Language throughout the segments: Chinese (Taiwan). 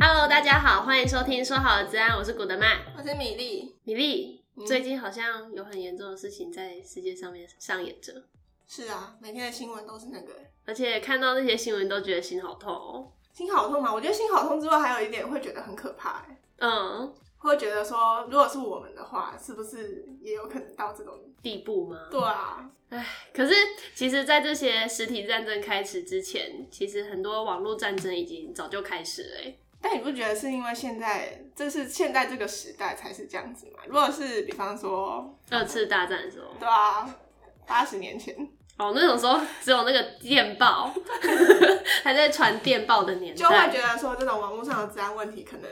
Hello，大家好，歡迎收聽說好的資安，我是古德曼，我是米粒。米粒，嗯、最近好像有很嚴重的事情在世界上面上演着。是啊，每天的新聞都是那個，而且看到那些新聞都覺得心好痛，喔。心好痛嗎？我覺得心好痛之外，還有一點會覺得很可怕。嗯，會覺得說，如果是我們的話，是不是也有可能到這種地步嗎？對啊，唉，可是其實，在這些實體戰爭開始之前，其實很多網絡戰爭已經早就開始了。但你不覺得是因為現在，這是現在這個時代才是這樣子嗎？如果是比方說二次大戰的時候，對啊，八十年前哦，那種時候只有那個電報， 還在傳電報的年代，就會覺得說，這種網絡上的治安問題可能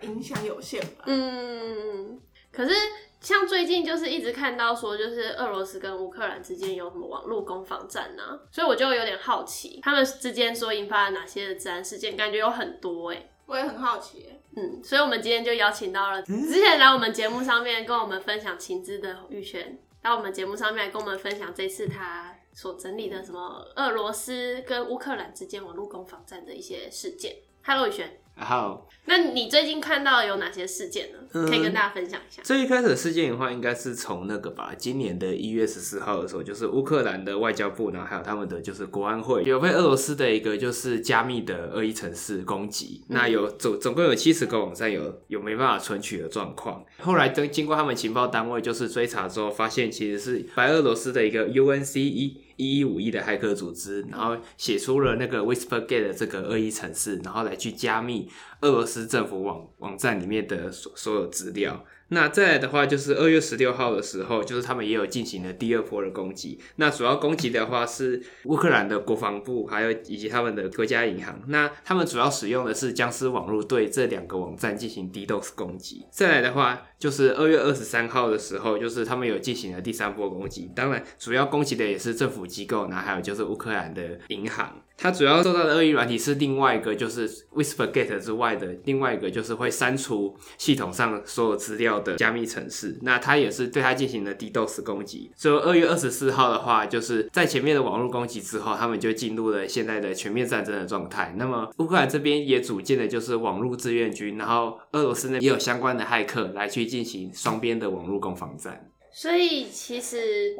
影響有限吧。嗯，可是像最近就是一直看到說，就是俄羅斯跟烏克蘭之間有什麼網絡攻防戰呢、啊？所以我就有點好奇，他們之間說引發了哪些的資安事件，感覺有很多哎、欸。我也很好奇，嗯，所以我們今天就邀請到了之前來我們節目上面跟我們分享情資的宇軒，到我們節目上面來跟我們分享這次他所整理的什麼俄羅斯跟烏克蘭之間網路攻防戰的一些事件。Hello，宇軒。Hello。Oh。那你最近看到有哪些事件呢？可以跟大家分享一下。嗯，最一開始的事件的話，應該是從那個吧，今年的一月十四號的時候，就是烏克蘭的外交部，然後還有他們的就是國安會，有被俄羅斯的一個就是加密的惡意程式攻擊。那有總總共有七十個網站有有沒辦法存取的狀況。後來經經過他們情報單位就是追查之後，發現其實是白俄羅斯的一個 UNC 一一一五一的駭客組織，然後寫出了那個 WhisperGate 的這個惡意程式，然後來去加密俄羅斯政府網網站裡面的所所有資料。那再來的話，就是二月十六號的時候，就是他們也有進行了第二波的攻擊。那主要攻擊的話是烏克蘭的國防部，還有以及他們的國家銀行。那他們主要使用的是殭屍網絡，對這兩個網站進行 DDoS 攻擊。再來的話，就是二月二十三號的時候，就是他們有進行了第三波攻擊。當然，主要攻擊的也是政府機構，然後還有就是烏克蘭的銀行。它主要受到的惡意軟體是另外一個，就是 WhisperGate 之外的另外一個，就是會刪除系統上所有資料的加密程式。那它也是對它進行了 DDoS 攻擊。所以二月二十四號的話，就是在前面的網絡攻擊之後，他們就進入了現在的全面戰爭的狀態。那麼烏克蘭這邊也組建了就是網絡志願軍，然後俄羅斯呢也有相關的駭客來去進行雙邊的網絡攻防戰。所以，其實，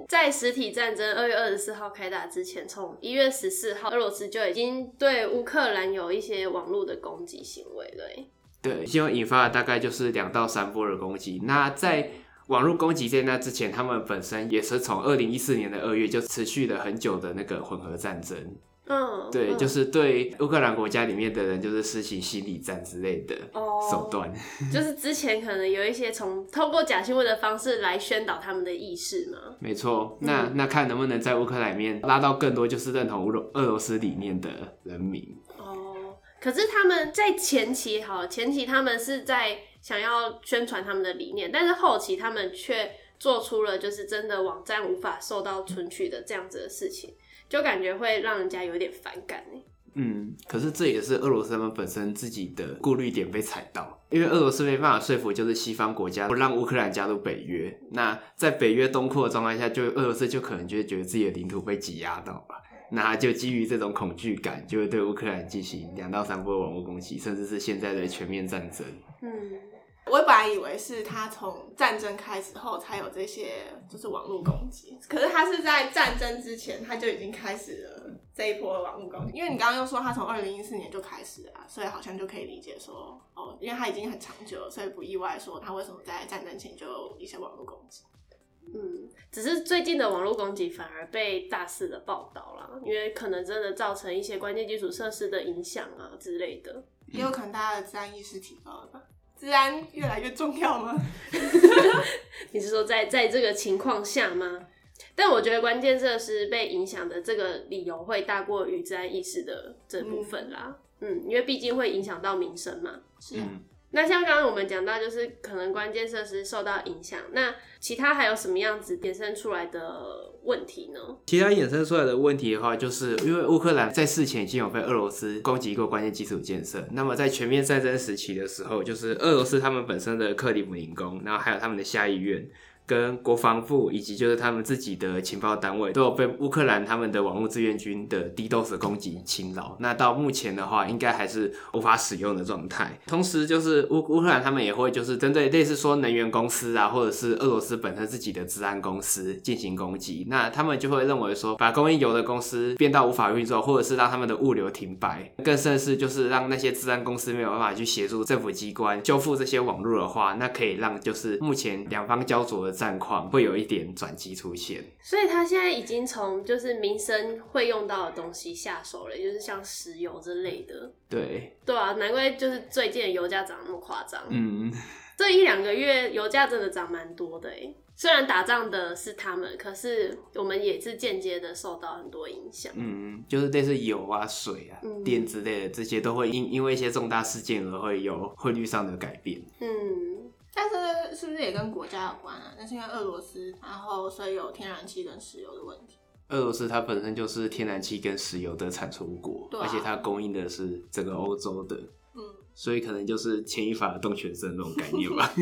在實體戰爭二月二十四號開打之前，從一月十四號，俄羅斯就已經對烏克蘭有一些網絡的攻擊行為了、欸、對，就引發了大概就是兩到三波的攻擊。那在網絡攻擊在那之前，他們本身也是從二零一四年的二月就持續了很久的那個混合戰爭。Oh, 對嗯，對，就是對烏克蘭國家裡面的人，就是施行心理戰之類的手段。Oh, 就是之前可能有一些從透過假新聞的方式來宣導他們的意識嗎？沒錯，那、嗯、那看能不能在烏克蘭裡面拉到更多就是認同俄俄羅斯理念的人民。哦，oh, 可是他們在前期好前期他們是在想要宣傳他們的理念，但是後期他們卻做出了就是真的網站無法受到存取的這樣子的事情。就感覺會讓人家有點反感欸。嗯，可是這也是俄羅斯他們本身自己的顧慮點被踩到，因為俄羅斯沒辦法說服就是西方國家不讓烏克蘭加入北約。那在北約東擴的狀態下，就俄羅斯就可能就會覺得自己的領土被擠壓到吧，那他就基於這種恐懼感，就會對烏克蘭進行兩到三波網絡攻擊，甚至是現在的全面戰爭。嗯。我本來以為是他從戰爭開始後才有這些，就是網絡攻擊。可是他是在戰爭之前，他就已經開始了這一波的網絡攻擊。因為你剛剛又說他從二零一四年就開始啊，所以好像就可以理解說，哦，因為他已經很長久了，所以不意外說他為什麼在戰爭前就有一些網絡攻擊。嗯，只是最近的網絡攻擊反而被大肆的報道了，因為可能真的造成一些關鍵基礎設施的影響啊之類的，嗯、也有可能大家的資安意識提高了吧。資安越來越重要嗎？ 你是說在在這個情況下嗎？但我覺得關鍵設施被影響的這個理由會大過於資安意識的這部分啦。嗯，嗯，因為畢竟會影響到民生嘛。嗯、是、啊。嗯那像剛剛我們講到，就是可能關鍵設施受到影響。那其他還有什麼樣子衍生出來的問題呢？其他衍生出來的問題的話，就是因為烏克蘭在事前已經有被俄羅斯攻擊過關鍵基礎建設。那麼在全面戰爭時期的時候，就是俄羅斯他們本身的克里姆林宮，然後還有他們的下議院。跟國防部以及就是他們自己的情報單位都有被烏克蘭他們的網絡志願軍的 DDoS 攻擊侵擾，那到目前的話，應該還是無法使用的狀態。同時，就是烏烏克蘭他們也會就是針對類似說能源公司啊，或者是俄羅斯本身自己的資安公司進行攻擊。那他們就會認為說，把供應油的公司變到無法運作，或者是讓他們的物流停擺，更甚是就是讓那些資安公司沒有辦法去協助政府機關修復這些網絡的話，那可以讓就是目前兩方焦灼的。戰況會有一點轉機出現，所以他現在已經從就是民生會用到的東西下手了，就是像石油之類的。對，對啊，難怪就是最近的油價漲那麼誇張。嗯，這一兩個月油價真的漲蠻多的。雖然打仗的是他們，可是我們也是間接的受到很多影響。嗯，就是類似油啊、水啊、電、嗯、之類的這些，都會因因為一些重大事件而會有匯率上的改變。嗯。但是是不是也跟國家有關啊？那是因為俄羅斯，然後所以有天然氣跟石油的問題。俄羅斯它本身就是天然氣跟石油的產出國，啊、而且它供應的是整個歐洲的，嗯，所以可能就是牽一髮而動全身那種概念吧。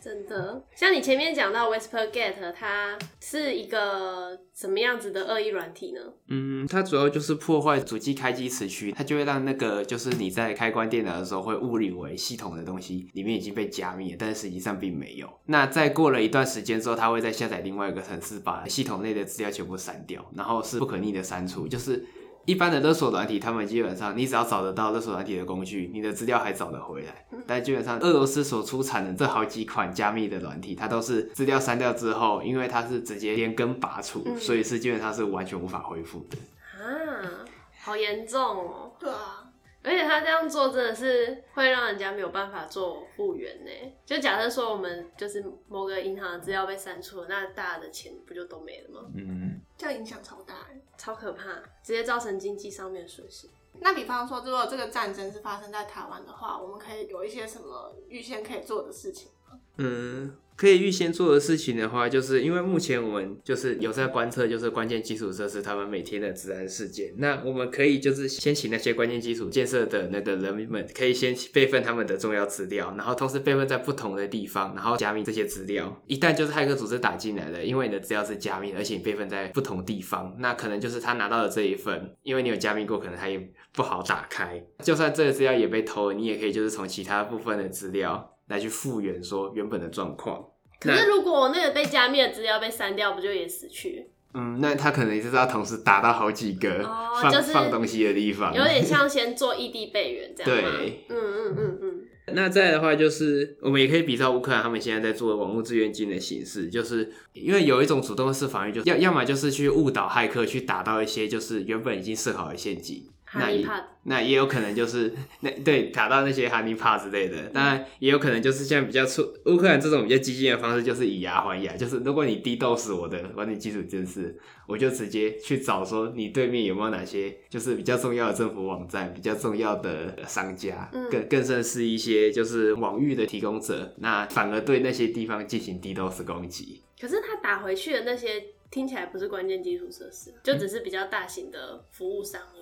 真的，像你前面講到 Whisper Gate，它是一個什麼樣子的惡意軟體呢？嗯，它主要就是破壞主機開機磁區，它就會讓那個就是你在開關電腦的時候，會誤以為系統的東西裡面已經被加密，但實際上並沒有。那再過了一段時間之後，它會再下載另外一個程式，把系統內的資料全部刪掉，然後是不可逆的刪除，就是。一般的勒索軟體，他們基本上你只要找得到勒索軟體的工具，你的資料還找得回來。嗯、但基本上俄羅斯所出產的這好幾款加密的軟體，它都是資料刪掉之後，因為它是直接連根拔除，嗯、所以是基本上是完全無法恢復的。啊，好嚴重哦！對啊，而且他這樣做真的是會讓人家沒有辦法做復原呢。就假設說我們就是某個銀行的資料被刪除了，那大家的錢不就都沒了嗎？嗯。這樣影響超大欸，超可怕，直接造成經濟上面損失。那比方說，如果這個戰爭是發生在台灣的話，我們可以有一些什麼預先可以做的事情嗎？嗯。可以預先做的事情的話，就是因為目前我們就是有在觀測，就是關鍵基礎設施他們每天的治安事件。那我們可以就是先請那些關鍵基礎建設的那個人們，可以先備份他們的重要資料，然後同時備份在不同的地方，然後加密這些資料。一旦就是駭客組織打進來了，因為你的資料是加密而且你備份在不同地方，那可能就是他拿到了這一份，因為你有加密過，可能他也不好打開。就算這個資料也被偷了，你也可以就是從其他部分的資料來去復原說原本的狀況。可是如果我那個被加密的資料被刪掉，不就也死去？嗯，那他可能也是要同時打到好幾個放、哦就是、放東西的地方，有點像先做異地備援這樣。對，嗯嗯嗯嗯。嗯嗯，那再來的話就是，我們也可以比照烏克蘭他們現在在做的網絡志願軍的形式，就是因為有一種主動式防禦、就是，要要麼就是去誤導駭客去打到一些就是原本已經設好的陷阱。那也那也有可能就是那對打到那些哈尼帕之類的，嗯、當然也有可能就是像比較出烏克蘭這種比較激進的方式，就是以牙還牙，就是如果你 DDoS 我的關鍵基礎設施，我就直接去找說你對面有沒有哪些就是比較重要的政府網站、比較重要的商家，嗯、更更甚是一些就是網域的提供者，那反而對那些地方進行 DDoS 攻擊。可是他打回去的那些聽起來不是關鍵基礎設施，就只是比較大型的服務商。嗯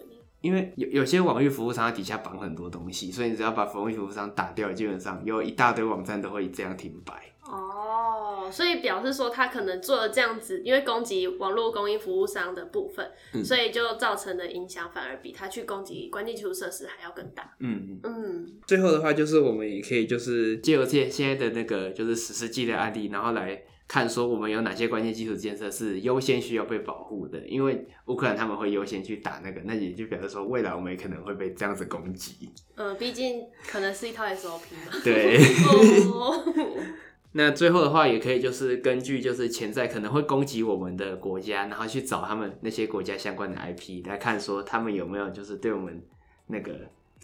因為有有些，網域服務商底下綁很多東西，所以你只要把服務服務商打掉，基本上有一大堆網站都會這樣停擺。哦，所以表示說他可能做了這樣子，因為攻擊網絡供應服務商的部分，嗯、所以就造成的影響反而比他去攻擊關鍵基礎設施還要更大。嗯嗯，嗯。最後的話就是我們也可以就是借由現現在的那個就是史詩級的案例，然後來。看說我們有哪些關鍵基礎建設是優先需要被保護的，因為烏克蘭他們會優先去打那個，那也就表示說未來我們也可能會被這樣子攻擊。嗯，畢竟可能是一套 SOP 嘛。對。哦、 那最後的話也可以就是根據就是潛在可能會攻擊我們的國家，然後去找他們那些國家相關的 IP 來看說他們有沒有就是對我們那個。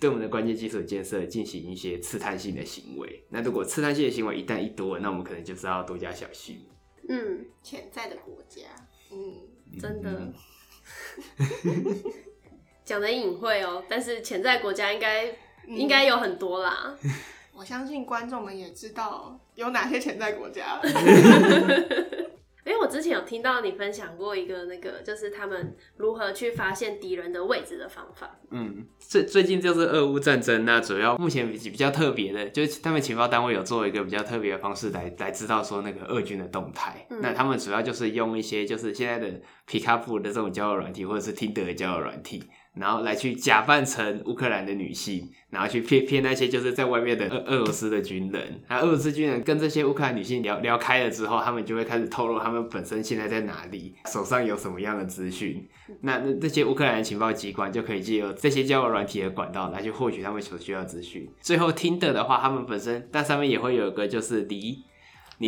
對我們的關鍵基礎建設進行一些刺探性的行為。那如果刺探性的行為一旦一多，那我們可能就是要多加小心。嗯，潛在的國家，嗯，真的，講得隱晦哦。但是潛在的國家應該、嗯、應該有很多啦。我相信觀眾們也知道有哪些潛在國家。 因為、欸、我之前有聽到你分享過一個那個，就是他們如何去發現敵人的位置的方法。嗯，最最近就是俄烏戰爭，那主要目前比較特別的，就是他們情報單位有做一個比較特別的方式來，來來知道說那個俄軍的動態。嗯、那他們主要就是用一些就是現在的皮卡普的這種交友軟體，或者是聽德的交友軟體。然後來去假扮成烏克蘭的女性，然後去騙騙那些就是在外面的俄俄羅斯的軍人。那俄羅斯軍人跟這些烏克蘭女性聊聊開了之後，他們就會開始透露他們本身現在在哪裡，手上有什麼樣的資訊。那那這些烏克蘭的情報機關就可以借由這些交友軟體的管道來去獲取他們所需要的資訊。最後 Tinder 的話，他們本身但上面也會有一個就是第一。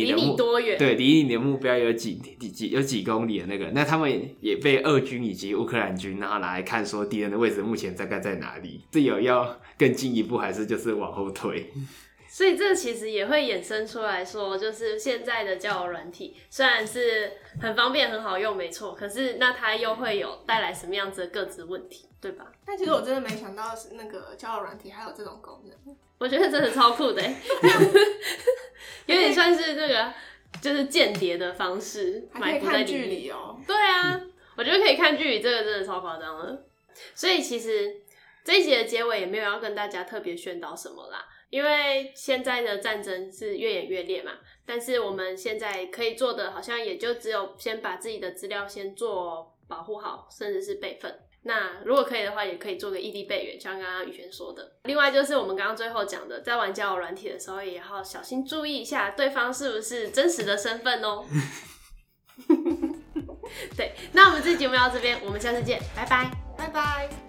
離你，你多遠？對，離你的目標有幾幾幾有幾公里的那個？那他們也被俄軍以及烏克蘭軍，拿來看說敵人的位置目前大概在哪裡？這有要更進一步，還是就是往後退？ 所以這其實也會衍生出來說，就是現在的交友軟體雖然是很方便很好用，沒錯，可是那它又會有帶來什麼樣子的個資問題，對吧？但其實我真的沒想到那個交友軟體還有這種功能，我覺得真的超酷的欸，有點算是那個就是間諜的方式，埋伏在裡面，還可以看距離喔。對啊，嗯，我覺得可以看距離，這個真的超誇張了。所以其實這一集的結尾也沒有要跟大家特別宣導什麼啦。因為現在的戰爭是越演越烈嘛，但是我們現在可以做的，好像也就只有先把自己的資料先做保護好，甚至是備份。那如果可以的話，也可以做個異地備援，像剛剛宇軒說的。另外就是我們剛剛最後講的，在玩交友軟體的時候，也要小心注意一下對方是不是真實的身份哦、喔。 對，那我們這節目到這邊，我們下次見，拜拜，拜拜。